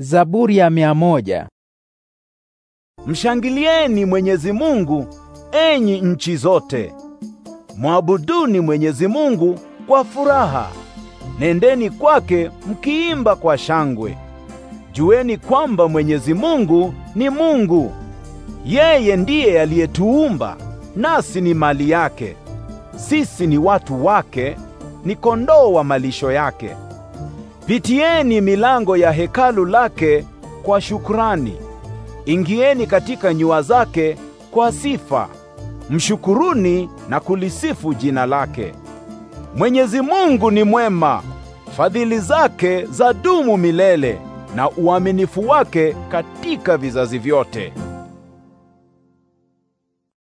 Zaburi ya mia moja. Mshangilieni Mwenyezi Mungu enyi nchi zote. Mwabuduni Mwenyezi Mungu kwa furaha. Nendeni kwake mkiimba kwa shangwe. Jueni kwamba Mwenyezi Mungu ni Mungu. Yeye ndiye aliyetuumba nasi ni mali yake. Sisi ni watu wake, ni kondoo wa malisho yake. Pitieni milango ya hekalu lake kwa shukrani, ingieni katika nyua zake kwa sifa. Mshukuruni na kulisifu jina lake. Mwenyezi Mungu ni mwema, fadhili zake zadumu milele, na uaminifu wake katika vizazi vyote.